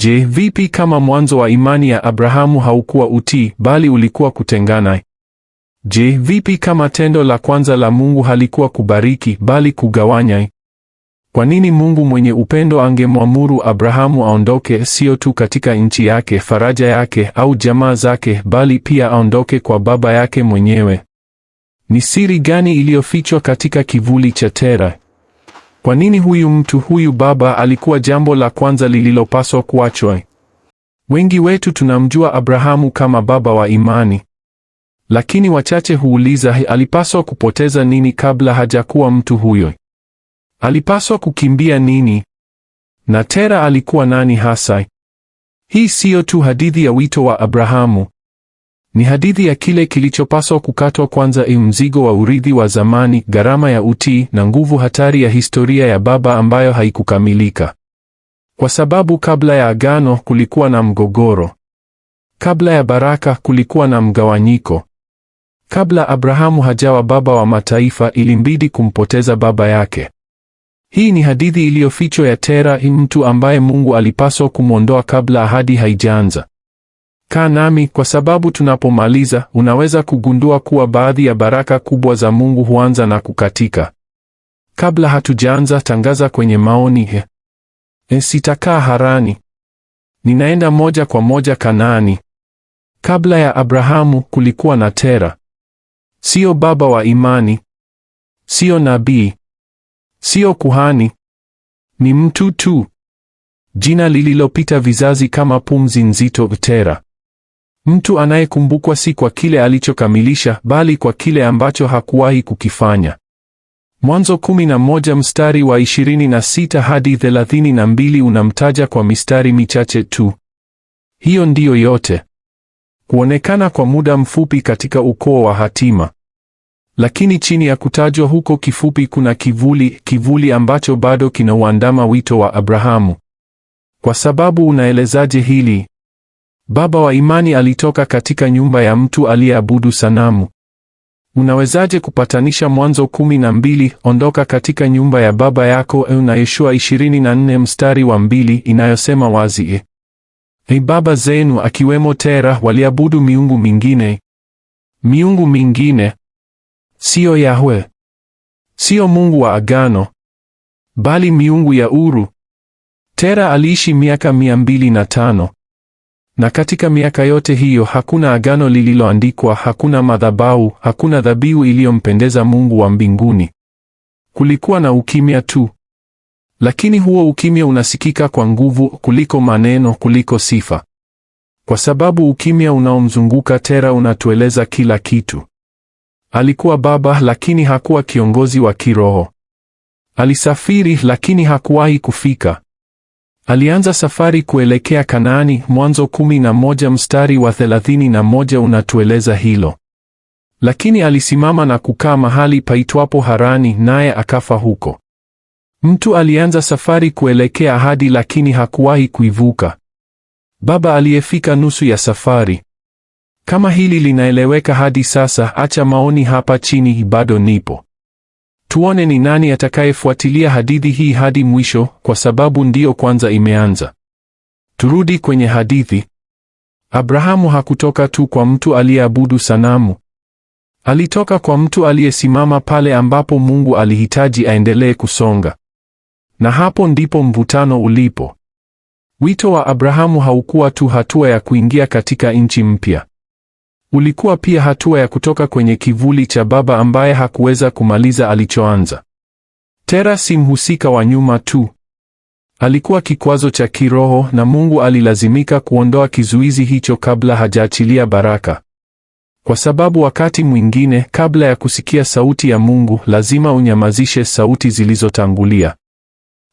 Je, vipi kama mwanzo wa imani ya Abrahamu haukuwa utii bali ulikuwa kutengana? Je, vipi kama tendo la kwanza la Mungu halikuwa kubariki bali kugawanya? Kwa nini Mungu mwenye upendo angemwamuru Abrahamu aondoke sio tu katika nchi yake, faraja yake au jamaa zake, bali pia aondoke kwa baba yake mwenyewe? Ni siri gani iliyofichwa katika kivuli cha Tera? Kwa nini huyu mtu huyu baba alikuwa jambo la kwanza lililopaswa kuachwa. Wengi wetu tunamjua Abrahamu kama baba wa imani, lakini wachache huuliza alipaswa kupoteza nini kabla hajakuwa mtu huyo? Alipaswa kukimbia nini? Na Tera alikuwa nani hasa? Hii siyo tu hadithi ya wito wa Abrahamu, ni hadithi ya kile kilichopaswa kukatwa kwanza, i mzigo wa urithi wa zamani, gharama ya utii na nguvu hatari ya historia ya baba ambayo haikukamilika. Kwa sababu kabla ya agano kulikuwa na mgogoro. Kabla ya baraka kulikuwa na mgawanyiko. Kabla Abrahamu hajawa baba wa mataifa, ilimbidi kumpoteza baba yake. Hii ni hadithi iliyofichwa ya Tera, mtu ambaye Mungu alipaswa kumwondoa kabla ahadi haijaanza. Kaa nami kwa sababu tunapomaliza unaweza kugundua kuwa baadhi ya baraka kubwa za Mungu huanza na kukatika. Kabla hatujaanza, tangaza kwenye maoni e, sitakaa Harani, ninaenda moja kwa moja Kanaani. Kabla ya Abrahamu kulikuwa na Tera. Sio baba wa imani, sio nabii, sio kuhani, ni mtu tu, jina lililopita vizazi kama pumzi nzito. Tera. Mtu anayekumbukwa si kwa kile alichokamilisha, bali kwa kile ambacho hakuwahi kukifanya. Mwanzo 11 mstari wa 26 hadi 32 unamtaja kwa mistari michache tu. Hiyo ndiyo yote. Kuonekana kwa muda mfupi katika ukoo wa hatima. Lakini chini ya kutajwa huko kifupi kuna kivuli, kivuli ambacho bado kinauandama wito wa Abrahamu. Kwa sababu unaelezaje hili? Baba wa imani alitoka katika nyumba ya mtu aliyeabudu sanamu. Unawezaje kupatanisha Mwanzo kumi na mbili ondoka katika nyumba ya baba yako e na na 24 mstari wa mbili inayosema wazi e, e, baba zenu akiwemo Tera waliabudu miungu mingine, miungu mingine siyo Yahwe, siyo Mungu wa agano, bali miungu ya Uru. Tera aliishi miaka mia mbili na tano. Na katika miaka yote hiyo hakuna agano lililoandikwa, hakuna madhabahu, hakuna dhabihu iliyompendeza Mungu wa mbinguni. Kulikuwa na ukimya tu. Lakini huo ukimya unasikika kwa nguvu kuliko maneno, kuliko sifa. Kwa sababu ukimya unaomzunguka Tera unatueleza kila kitu. Alikuwa baba lakini hakuwa kiongozi wa kiroho. Alisafiri lakini hakuwahi kufika. Alianza safari kuelekea Kanaani. Mwanzo kumi na moja mstari wa thelathini na moja unatueleza hilo. Lakini alisimama na kukaa mahali paitwapo Harani, naye akafa huko. Mtu alianza safari kuelekea ahadi, lakini hakuwahi kuivuka. Baba aliyefika nusu ya safari. Kama hili linaeleweka hadi sasa, acha maoni hapa chini. Bado nipo. Tuone ni nani atakayefuatilia hadithi hii hadi mwisho, kwa sababu ndiyo kwanza imeanza. Turudi kwenye hadithi. Abrahamu hakutoka tu kwa mtu aliyeabudu sanamu. Alitoka kwa mtu aliyesimama pale ambapo Mungu alihitaji aendelee kusonga. Na hapo ndipo mvutano ulipo. Wito wa Abrahamu haukuwa tu hatua ya kuingia katika nchi mpya. Ulikuwa pia hatua ya kutoka kwenye kivuli cha baba ambaye hakuweza kumaliza alichoanza. Tera si mhusika wa nyuma tu. Alikuwa kikwazo cha kiroho na Mungu alilazimika kuondoa kizuizi hicho kabla hajaachilia baraka. Kwa sababu wakati mwingine kabla ya kusikia sauti ya Mungu lazima unyamazishe sauti zilizotangulia.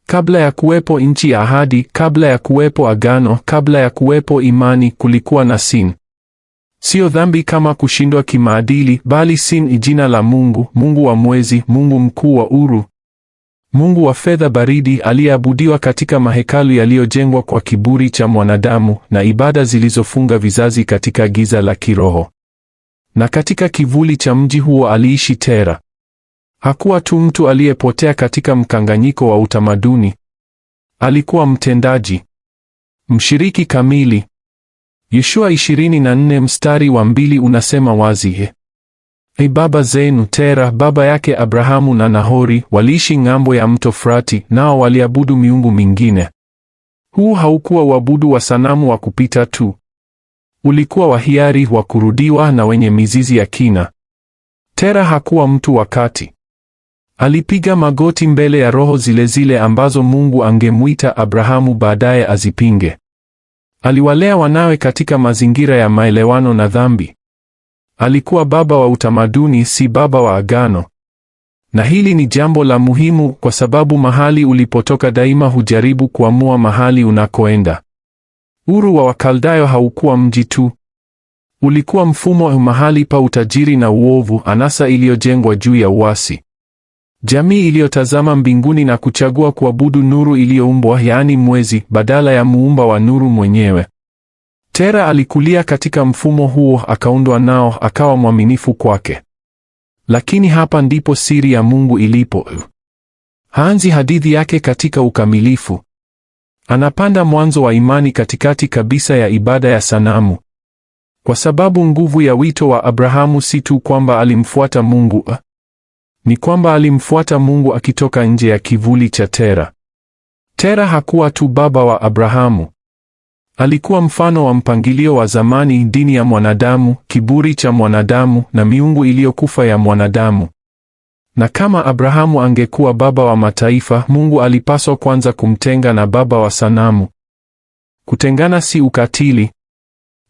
Kabla ya kuwepo nchi ya ahadi, kabla ya kuwepo agano, kabla ya kuwepo imani kulikuwa na sin. Sio dhambi kama kushindwa kimaadili, bali Sin ni jina la Mungu, Mungu wa mwezi, Mungu mkuu wa Uru, Mungu wa fedha baridi aliyeabudiwa katika mahekalu yaliyojengwa kwa kiburi cha mwanadamu na ibada zilizofunga vizazi katika giza la kiroho. Na katika kivuli cha mji huo aliishi Tera. Hakuwa tu mtu aliyepotea katika mkanganyiko wa utamaduni. Alikuwa mtendaji, mshiriki kamili. Yoshua 24 mstari wa mbili unasema wazi he. Hey, baba zenu Tera baba yake Abrahamu na Nahori waliishi ng'ambo ya mto Frati, nao waliabudu miungu mingine. Huu haukuwa uabudu wa sanamu wa kupita tu, ulikuwa wa hiari, wa kurudiwa na wenye mizizi ya kina. Tera hakuwa mtu wa kati, alipiga magoti mbele ya roho zile zile ambazo Mungu angemwita Abrahamu baadaye azipinge. Aliwalea wanawe katika mazingira ya maelewano na dhambi. Alikuwa baba wa utamaduni, si baba wa agano. Na hili ni jambo la muhimu kwa sababu mahali ulipotoka daima hujaribu kuamua mahali unakoenda. Uru wa Wakaldayo haukuwa mji tu. Ulikuwa mfumo wa mahali pa utajiri na uovu, anasa iliyojengwa juu ya uasi. Jamii iliyotazama mbinguni na kuchagua kuabudu nuru iliyoumbwa, yaani mwezi, badala ya muumba wa nuru mwenyewe. Tera alikulia katika mfumo huo, akaundwa nao, akawa mwaminifu kwake. Lakini hapa ndipo siri ya Mungu ilipo. Haanzi hadithi yake katika ukamilifu. Anapanda mwanzo wa imani katikati kabisa ya ibada ya sanamu. Kwa sababu nguvu ya wito wa Abrahamu si tu kwamba alimfuata Mungu, ni kwamba alimfuata Mungu akitoka nje ya kivuli cha Tera. Tera hakuwa tu baba wa Abrahamu. Alikuwa mfano wa mpangilio wa zamani, dini ya mwanadamu, kiburi cha mwanadamu na miungu iliyokufa ya mwanadamu. Na kama Abrahamu angekuwa baba wa mataifa, Mungu alipaswa kwanza kumtenga na baba wa sanamu. Kutengana si ukatili.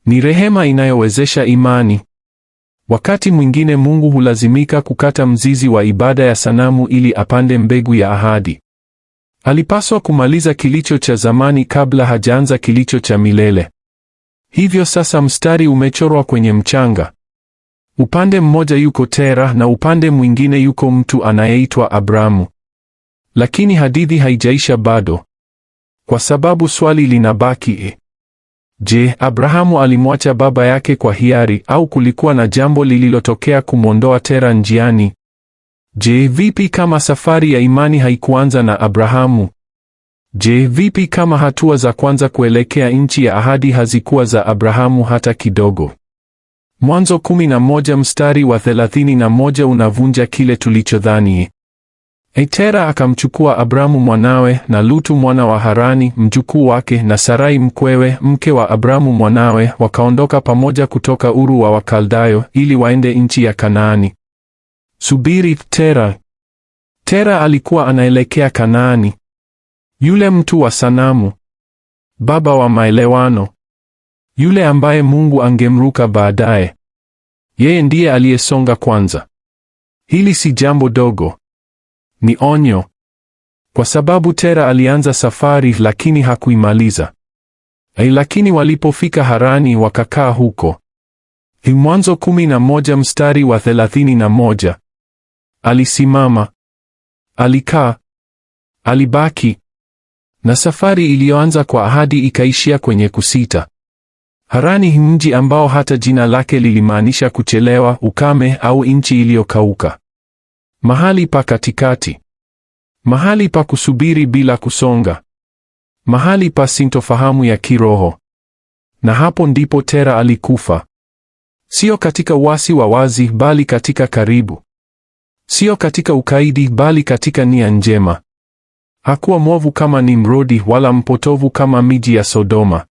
Ni rehema inayowezesha imani. Wakati mwingine Mungu hulazimika kukata mzizi wa ibada ya sanamu ili apande mbegu ya ahadi. Alipaswa kumaliza kilicho cha zamani kabla hajaanza kilicho cha milele. Hivyo sasa mstari umechorwa kwenye mchanga. Upande mmoja yuko Tera na upande mwingine yuko mtu anayeitwa Abramu. Lakini hadithi haijaisha bado. Kwa sababu swali linabaki, e, Je, Abrahamu alimwacha baba yake kwa hiari au kulikuwa na jambo lililotokea kumwondoa Tera njiani? Je, vipi kama safari ya imani haikuanza na Abrahamu? Je, vipi kama hatua za kwanza kuelekea nchi ya ahadi hazikuwa za Abrahamu hata kidogo? Mwanzo 11 mstari wa 31 unavunja kile tulichodhani. Etera akamchukua Abramu mwanawe na Lutu mwana wa Harani mjukuu wake na Sarai mkwewe mke wa Abramu mwanawe, wakaondoka pamoja kutoka Uru wa Wakaldayo ili waende nchi ya Kanaani. Subiri, Tera. Tera alikuwa anaelekea Kanaani, yule mtu wa sanamu, baba wa maelewano, yule ambaye Mungu angemruka baadaye. Yeye ndiye aliyesonga kwanza. Hili si jambo dogo. Ni onyo kwa sababu Tera alianza safari lakini hakuimaliza. Ai, lakini walipofika Harani wakakaa huko. Mwanzo 11 mstari wa 31. Alisimama, alikaa, alibaki, na safari iliyoanza kwa ahadi ikaishia kwenye kusita. Harani, mji ambao hata jina lake lilimaanisha kuchelewa, ukame au nchi iliyokauka mahali pa katikati, mahali pa kusubiri bila kusonga, mahali pa sintofahamu ya kiroho. Na hapo ndipo Tera alikufa, sio katika uasi wa wazi, bali katika karibu, sio katika ukaidi, bali katika nia njema. Hakuwa mwovu kama Nimrodi, wala mpotovu kama miji ya Sodoma.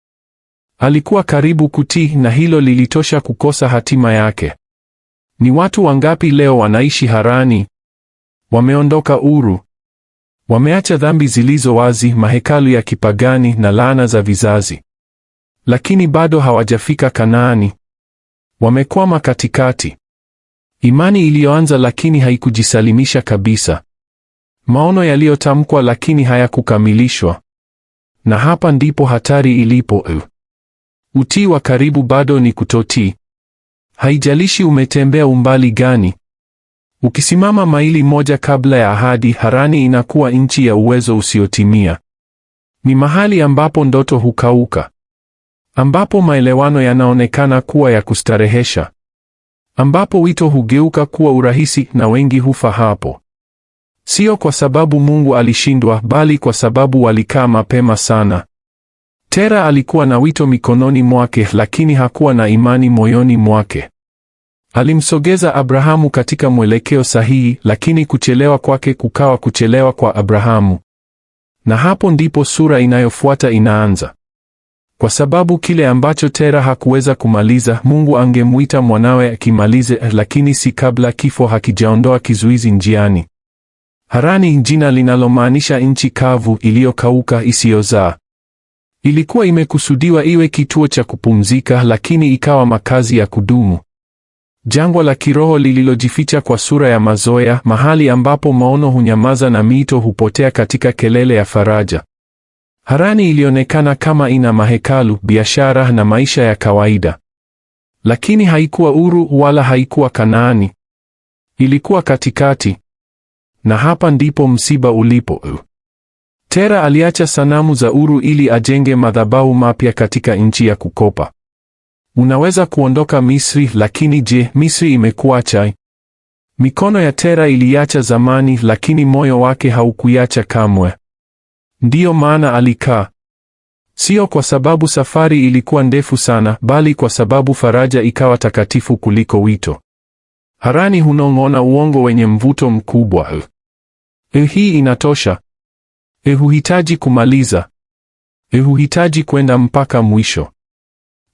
Alikuwa karibu kutii, na hilo lilitosha kukosa hatima yake. Ni watu wangapi leo wanaishi Harani, Wameondoka uru, wameacha dhambi zilizo wazi, mahekalu ya kipagani na laana za vizazi. Lakini bado hawajafika Kanaani, wamekwama katikati. Imani iliyoanza lakini haikujisalimisha kabisa, maono yaliyotamkwa lakini hayakukamilishwa. Na hapa ndipo hatari ilipo. Eh. Utii wa karibu bado ni kutotii. Haijalishi umetembea umbali gani. Ukisimama maili moja kabla ya ahadi, Harani inakuwa nchi ya uwezo usiotimia. Ni mahali ambapo ndoto hukauka, ambapo maelewano yanaonekana kuwa ya kustarehesha, ambapo wito hugeuka kuwa urahisi, na wengi hufa hapo, sio kwa sababu Mungu alishindwa, bali kwa sababu walikaa mapema sana. Tera alikuwa na wito mikononi mwake, lakini hakuwa na imani moyoni mwake. Alimsogeza Abrahamu katika mwelekeo sahihi, lakini kuchelewa kwake kukawa kuchelewa kwa Abrahamu. Na hapo ndipo sura inayofuata inaanza. Kwa sababu kile ambacho Tera hakuweza kumaliza, Mungu angemuita mwanawe akimalize, lakini si kabla kifo hakijaondoa kizuizi njiani. Harani, jina linalomaanisha nchi kavu iliyokauka isiyozaa, ilikuwa imekusudiwa iwe kituo cha kupumzika, lakini ikawa makazi ya kudumu. Jangwa la kiroho lililojificha kwa sura ya mazoea, mahali ambapo maono hunyamaza na mito hupotea katika kelele ya faraja. Harani ilionekana kama ina mahekalu, biashara na maisha ya kawaida. Lakini haikuwa Uru wala haikuwa Kanaani. Ilikuwa katikati. Na hapa ndipo msiba ulipo. Tera aliacha sanamu za Uru ili ajenge madhabahu mapya katika nchi ya kukopa. Unaweza kuondoka Misri, lakini je, Misri imekuacha? Mikono ya Tera iliacha zamani, lakini moyo wake haukuiacha kamwe. Ndiyo maana alikaa, sio kwa sababu safari ilikuwa ndefu sana, bali kwa sababu faraja ikawa takatifu kuliko wito. Harani hunong'ona uongo wenye mvuto mkubwa. Eh, eh hii inatosha. Eh, huhitaji kumaliza. Eh, huhitaji kwenda mpaka mwisho.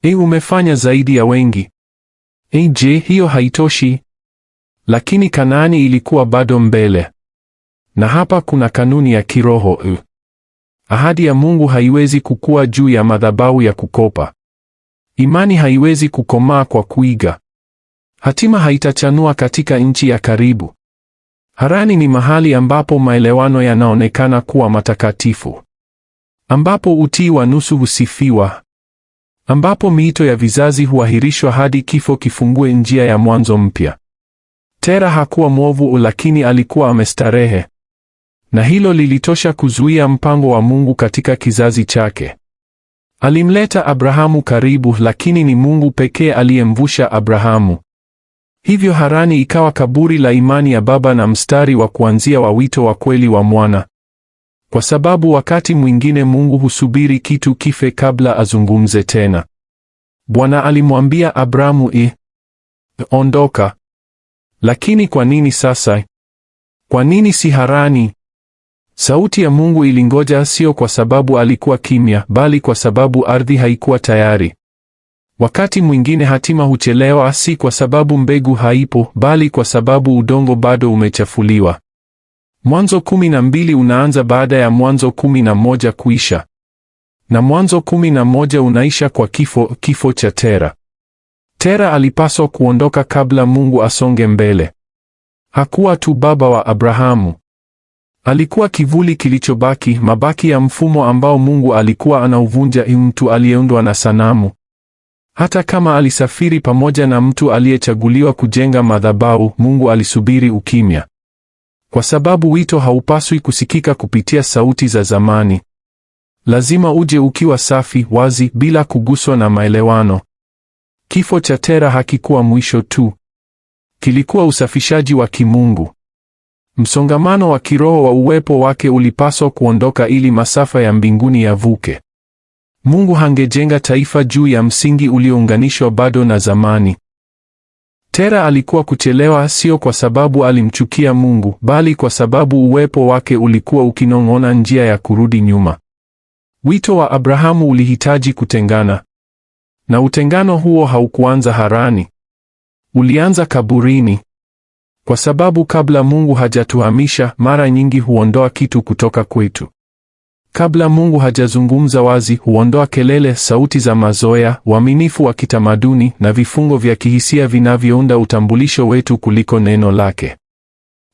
E, umefanya zaidi ya wengi. E, je, hiyo haitoshi? Lakini Kanaani ilikuwa bado mbele. Na hapa kuna kanuni ya kiroho. Ahadi ya Mungu haiwezi kukua juu ya madhabahu ya kukopa. Imani haiwezi kukomaa kwa kuiga. Hatima haitachanua katika nchi ya karibu. Harani ni mahali ambapo maelewano yanaonekana kuwa matakatifu, ambapo utii wa nusu husifiwa, ambapo miito ya vizazi huahirishwa hadi kifo kifungue njia ya mwanzo mpya. Tera hakuwa mwovu, lakini alikuwa amestarehe, na hilo lilitosha kuzuia mpango wa Mungu katika kizazi chake. Alimleta Abrahamu karibu, lakini ni Mungu pekee aliyemvusha Abrahamu. Hivyo Harani ikawa kaburi la imani ya baba na mstari wa kuanzia wa wito wa kweli wa mwana. Kwa sababu wakati mwingine Mungu husubiri kitu kife kabla azungumze tena. Bwana alimwambia Abrahamu i ondoka. Lakini kwa nini sasa? Kwa nini si Harani? Sauti ya Mungu ilingoja, sio kwa sababu alikuwa kimya, bali kwa sababu ardhi haikuwa tayari. Wakati mwingine hatima huchelewa, si kwa sababu mbegu haipo, bali kwa sababu udongo bado umechafuliwa. Mwanzo kumi na mbili unaanza baada ya Mwanzo kumi na moja kuisha, na Mwanzo kumi na moja unaisha kwa kifo, kifo cha Tera. Tera alipaswa kuondoka kabla Mungu asonge mbele. Hakuwa tu baba wa Abrahamu, alikuwa kivuli kilichobaki, mabaki ya mfumo ambao Mungu alikuwa anauvunja, mtu aliyeundwa na sanamu. Hata kama alisafiri pamoja na mtu aliyechaguliwa kujenga madhabahu, Mungu alisubiri ukimya kwa sababu wito haupaswi kusikika kupitia sauti za zamani. Lazima uje ukiwa safi, wazi, bila kuguswa na maelewano. Kifo cha Tera hakikuwa mwisho tu, kilikuwa usafishaji wa kimungu. Msongamano wa kiroho wa uwepo wake ulipaswa kuondoka ili masafa ya mbinguni yavuke. Mungu hangejenga taifa juu ya msingi uliounganishwa bado na zamani. Tera alikuwa kuchelewa sio kwa sababu alimchukia Mungu, bali kwa sababu uwepo wake ulikuwa ukinong'ona njia ya kurudi nyuma. Wito wa Abrahamu ulihitaji kutengana. Na utengano huo haukuanza Harani. Ulianza kaburini. Kwa sababu kabla Mungu hajatuhamisha, mara nyingi huondoa kitu kutoka kwetu. Kabla Mungu hajazungumza wazi, huondoa kelele, sauti za mazoea, uaminifu wa kitamaduni na vifungo vya kihisia vinavyounda utambulisho wetu kuliko neno lake.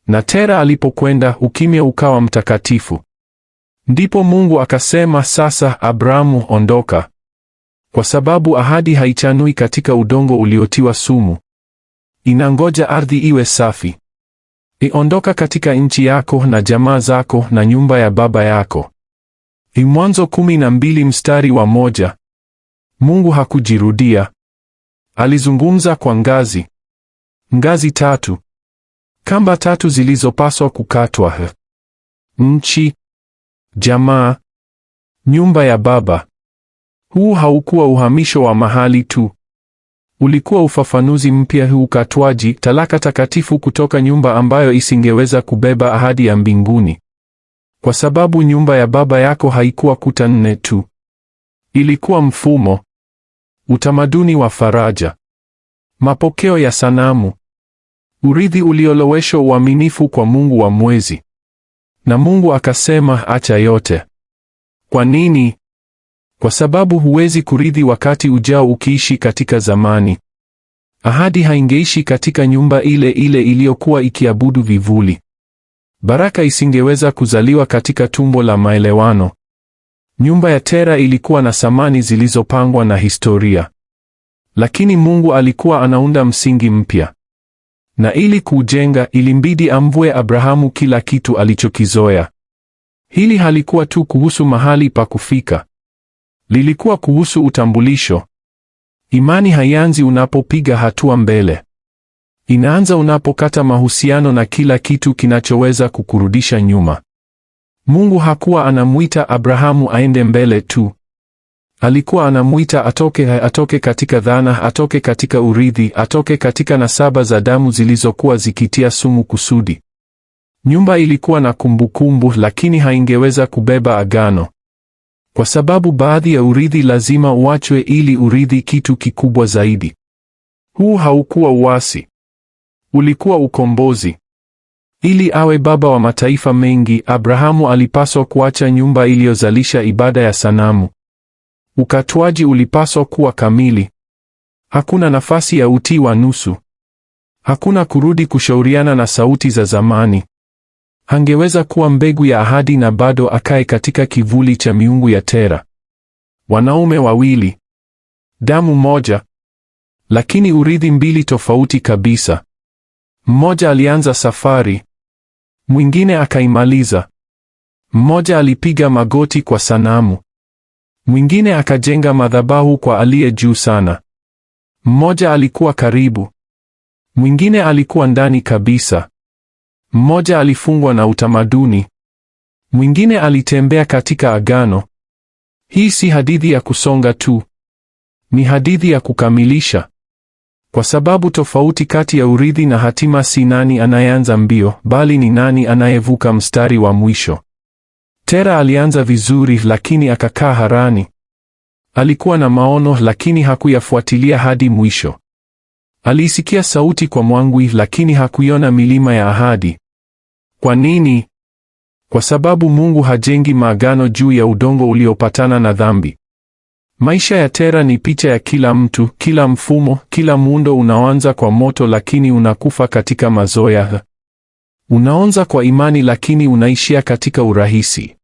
Na Tera alipokwenda, ukimya ukawa mtakatifu. Ndipo Mungu akasema, sasa Abrahamu, ondoka, kwa sababu ahadi haichanui katika udongo uliotiwa sumu, inangoja ardhi iwe safi. Iondoka katika nchi yako na jamaa zako na nyumba ya baba yako ni Mwanzo kumi na mbili mstari wa moja. Mungu hakujirudia. Alizungumza kwa ngazi. Ngazi tatu. Kamba tatu zilizopaswa kukatwa. Nchi, jamaa, nyumba ya baba. Huu haukuwa uhamisho wa mahali tu. Ulikuwa ufafanuzi mpya huu katwaji talaka takatifu kutoka nyumba ambayo isingeweza kubeba ahadi ya mbinguni kwa sababu nyumba ya baba yako haikuwa kuta nne tu, ilikuwa mfumo, utamaduni wa faraja, mapokeo ya sanamu, urithi ulioloweshwa uaminifu kwa Mungu wa mwezi. Na Mungu akasema, acha yote. Kwa nini? Kwa sababu huwezi kurithi wakati ujao ukiishi katika zamani. Ahadi haingeishi katika nyumba ile ile iliyokuwa ikiabudu vivuli. Baraka isingeweza kuzaliwa katika tumbo la maelewano. Nyumba ya Tera ilikuwa na samani zilizopangwa na historia, lakini Mungu alikuwa anaunda msingi mpya, na ili kuujenga ilimbidi amvue Abrahamu kila kitu alichokizoea. Hili halikuwa tu kuhusu mahali pa kufika, lilikuwa kuhusu utambulisho. Imani haianzi unapopiga hatua mbele, Inaanza unapokata mahusiano na kila kitu kinachoweza kukurudisha nyuma. Mungu hakuwa anamuita Abrahamu aende mbele tu. Alikuwa anamuita atoke, atoke katika dhana, atoke katika urithi, atoke katika nasaba za damu zilizokuwa zikitia sumu kusudi. Nyumba ilikuwa na kumbukumbu, lakini haingeweza kubeba agano, kwa sababu baadhi ya urithi lazima uachwe ili urithi kitu kikubwa zaidi. Huu haukuwa uasi, ulikuwa ukombozi. Ili awe baba wa mataifa mengi, Abrahamu alipaswa kuacha nyumba iliyozalisha ibada ya sanamu. Ukatwaji ulipaswa kuwa kamili. Hakuna nafasi ya utii wa nusu. Hakuna kurudi kushauriana na sauti za zamani. Hangeweza kuwa mbegu ya ahadi na bado akae katika kivuli cha miungu ya Tera. Wanaume wawili, damu moja, lakini urithi mbili tofauti kabisa. Mmoja alianza safari, mwingine akaimaliza. Mmoja alipiga magoti kwa sanamu, mwingine akajenga madhabahu kwa aliye juu sana. Mmoja alikuwa karibu, mwingine alikuwa ndani kabisa. Mmoja alifungwa na utamaduni, mwingine alitembea katika agano. Hii si hadithi ya kusonga tu, ni hadithi ya kukamilisha. Kwa sababu tofauti kati ya urithi na hatima si nani anayeanza mbio, bali ni nani anayevuka mstari wa mwisho. Tera alianza vizuri, lakini akakaa harani. Alikuwa na maono, lakini hakuyafuatilia hadi mwisho. Aliisikia sauti kwa mwangwi, lakini hakuiona milima ya ahadi. Kwa nini? Kwa sababu Mungu hajengi maagano juu ya udongo uliopatana na dhambi. Maisha ya Tera ni picha ya kila mtu, kila mfumo, kila muundo unaoanza kwa moto lakini unakufa katika mazoea. Unaanza kwa imani lakini unaishia katika urahisi.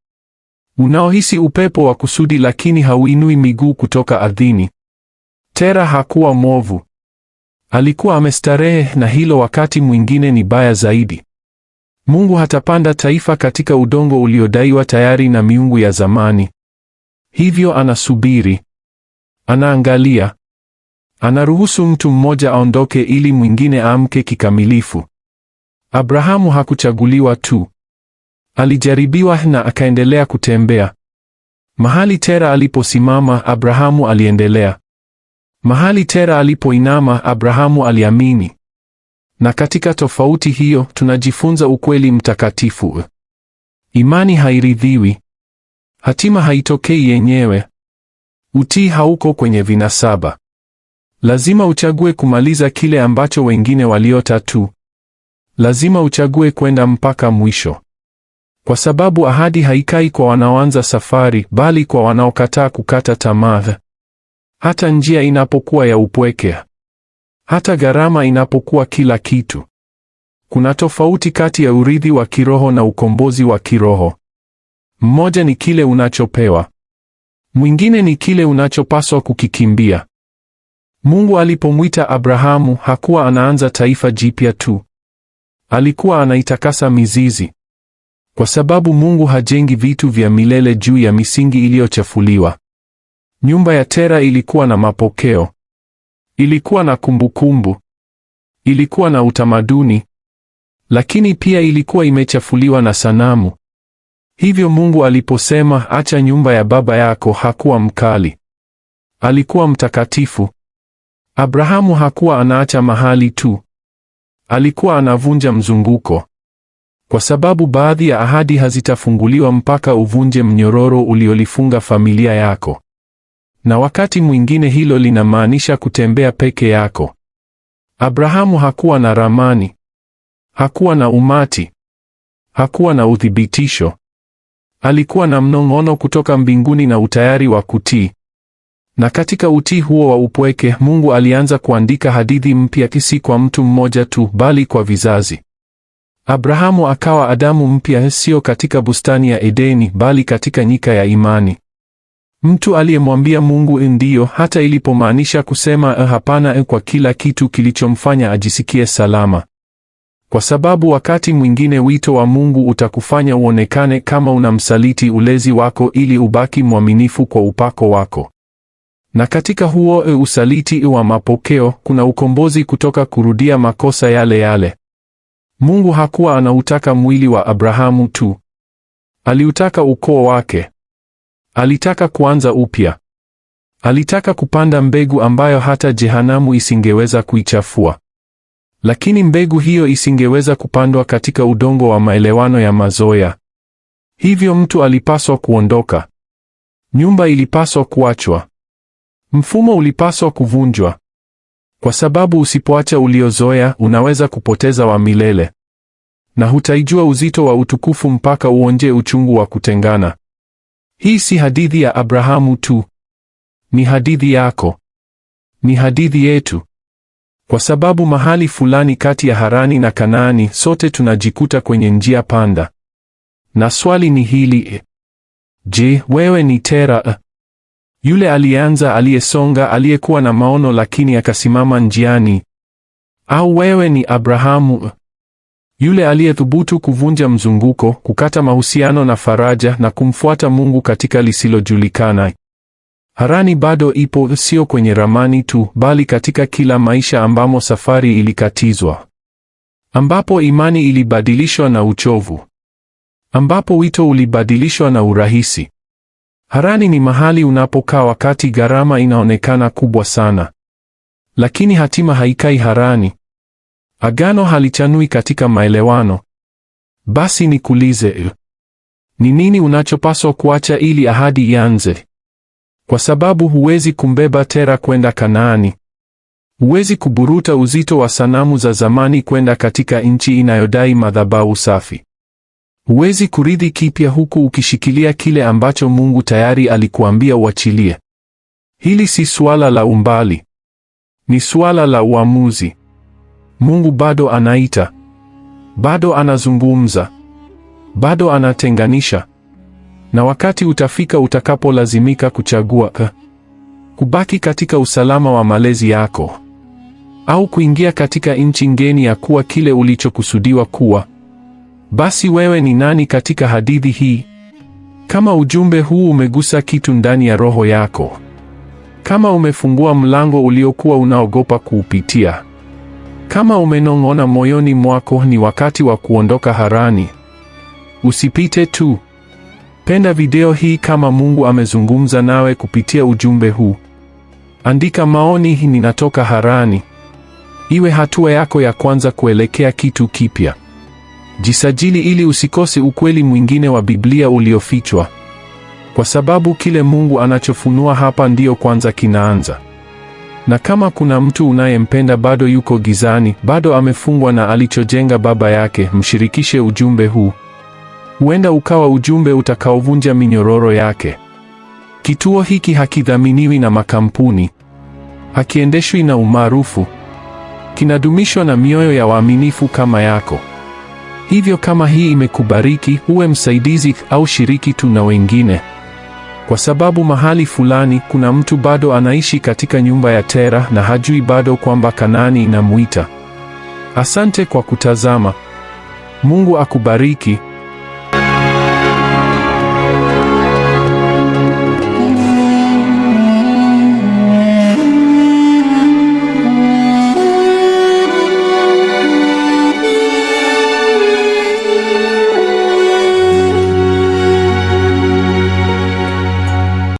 Unaohisi upepo wa kusudi lakini hauinui miguu kutoka ardhini. Tera hakuwa mwovu. Alikuwa amestarehe na hilo wakati mwingine ni baya zaidi. Mungu hatapanda taifa katika udongo uliodaiwa tayari na miungu ya zamani. Hivyo anasubiri. Anaangalia, anaruhusu mtu mmoja aondoke ili mwingine amke kikamilifu. Abrahamu hakuchaguliwa tu, alijaribiwa na akaendelea kutembea. Mahali Tera aliposimama, Abrahamu aliendelea. Mahali Tera alipoinama, Abrahamu aliamini. Na katika tofauti hiyo tunajifunza ukweli mtakatifu: imani hairidhiwi, hatima haitokei yenyewe, Utii hauko kwenye vinasaba. Lazima uchague kumaliza kile ambacho wengine waliota tu. Lazima uchague kwenda mpaka mwisho, kwa sababu ahadi haikai kwa wanaoanza safari, bali kwa wanaokataa kukata tamaa, hata njia inapokuwa ya upweke, hata gharama inapokuwa kila kitu. Kuna tofauti kati ya urithi wa kiroho na ukombozi wa kiroho. Mmoja ni kile unachopewa Mwingine ni kile unachopaswa kukikimbia. Mungu alipomwita Abrahamu hakuwa anaanza taifa jipya tu. Alikuwa anaitakasa mizizi. Kwa sababu Mungu hajengi vitu vya milele juu ya misingi iliyochafuliwa. Nyumba ya Tera ilikuwa na mapokeo. Ilikuwa na kumbukumbu. Ilikuwa na utamaduni. Lakini pia ilikuwa imechafuliwa na sanamu. Hivyo Mungu aliposema acha nyumba ya baba yako, hakuwa mkali, alikuwa mtakatifu. Abrahamu hakuwa anaacha mahali tu, alikuwa anavunja mzunguko, kwa sababu baadhi ya ahadi hazitafunguliwa mpaka uvunje mnyororo uliolifunga familia yako, na wakati mwingine hilo linamaanisha kutembea peke yako. Abrahamu hakuwa na ramani, hakuwa na umati, hakuwa na uthibitisho. Alikuwa na mnong'ono kutoka mbinguni na utayari wa kutii. Na katika utii huo wa upweke, Mungu alianza kuandika hadithi mpya, si kwa mtu mmoja tu, bali kwa vizazi. Abrahamu akawa Adamu mpya, sio katika bustani ya Edeni, bali katika nyika ya imani, mtu aliyemwambia Mungu ndiyo, hata ilipomaanisha kusema eh, hapana eh, kwa kila kitu kilichomfanya ajisikie salama kwa sababu wakati mwingine wito wa Mungu utakufanya uonekane kama unamsaliti ulezi wako ili ubaki mwaminifu kwa upako wako. Na katika huo e usaliti wa mapokeo kuna ukombozi kutoka kurudia makosa yale yale. Mungu hakuwa anautaka mwili wa Abrahamu tu. Aliutaka ukoo wake. Alitaka kuanza upya. Alitaka kupanda mbegu ambayo hata jehanamu isingeweza kuichafua. Lakini mbegu hiyo isingeweza kupandwa katika udongo wa maelewano ya mazoea. Hivyo mtu alipaswa kuondoka. Nyumba ilipaswa kuachwa. Mfumo ulipaswa kuvunjwa. Kwa sababu usipoacha uliozoea, unaweza kupoteza wa milele. Na hutaijua uzito wa utukufu mpaka uonje uchungu wa kutengana. Hii si hadithi ya Abrahamu tu. Ni hadithi yako. Ni hadithi yetu. Kwa sababu mahali fulani kati ya Harani na Kanaani sote tunajikuta kwenye njia panda. Na swali ni hili, e, je, wewe ni Tera? E? Yule alianza, aliyesonga, aliyekuwa na maono lakini akasimama njiani? Au wewe ni Abrahamu? E? Yule aliyethubutu kuvunja mzunguko, kukata mahusiano na faraja na kumfuata Mungu katika lisilojulikana. Harani bado ipo, sio kwenye ramani tu, bali katika kila maisha ambamo safari ilikatizwa, ambapo imani ilibadilishwa na uchovu, ambapo wito ulibadilishwa na urahisi. Harani ni mahali unapokaa wakati gharama inaonekana kubwa sana, lakini hatima haikai Harani. Agano halichanui katika maelewano. Basi nikuulize, ni nini unachopaswa kuacha ili ahadi ianze? kwa sababu huwezi kumbeba Tera kwenda Kanaani. Huwezi kuburuta uzito wa sanamu za zamani kwenda katika nchi inayodai madhabahu safi. Huwezi kurithi kipya huku ukishikilia kile ambacho Mungu tayari alikuambia uachilie. Hili si suala la umbali, ni suala la uamuzi. Mungu bado anaita, bado anazungumza, bado anatenganisha na wakati utafika utakapolazimika kuchagua uh, kubaki katika usalama wa malezi yako au kuingia katika nchi ngeni ya kuwa kile ulichokusudiwa kuwa. Basi wewe ni nani katika hadithi hii? Kama ujumbe huu umegusa kitu ndani ya roho yako, kama umefungua mlango uliokuwa unaogopa kuupitia, kama umenong'ona moyoni mwako, ni wakati wa kuondoka Harani. Usipite tu. Penda video hii kama Mungu amezungumza nawe kupitia ujumbe huu. Andika maoni hii ninatoka Harani. Iwe hatua yako ya kwanza kuelekea kitu kipya. Jisajili ili usikose ukweli mwingine wa Biblia uliofichwa. Kwa sababu kile Mungu anachofunua hapa ndiyo kwanza kinaanza. Na kama kuna mtu unayempenda bado yuko gizani, bado amefungwa na alichojenga baba yake, mshirikishe ujumbe huu huenda ukawa ujumbe utakaovunja minyororo yake. Kituo hiki hakidhaminiwi na makampuni, hakiendeshwi na umaarufu, kinadumishwa na mioyo ya waaminifu kama yako. Hivyo kama hii imekubariki, uwe msaidizi au shiriki tu na wengine, kwa sababu mahali fulani kuna mtu bado anaishi katika nyumba ya Tera na hajui bado kwamba Kanaani inamwita. Asante kwa kutazama. Mungu akubariki.